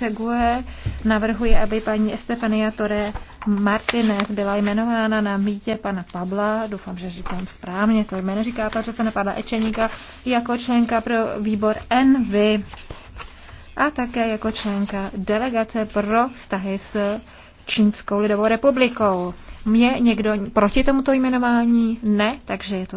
frakce GUE navrhuje, aby paní Estefania Tore Martinez byla jmenována na mítě pana Pabla, doufám, že říkám správně, to jméno říká pana pana Ečeníka, jako členka pro výbor NV a také jako členka delegace pro vztahy s Čínskou lidovou republikou. Mě někdo proti tomuto jmenování? Ne, takže je to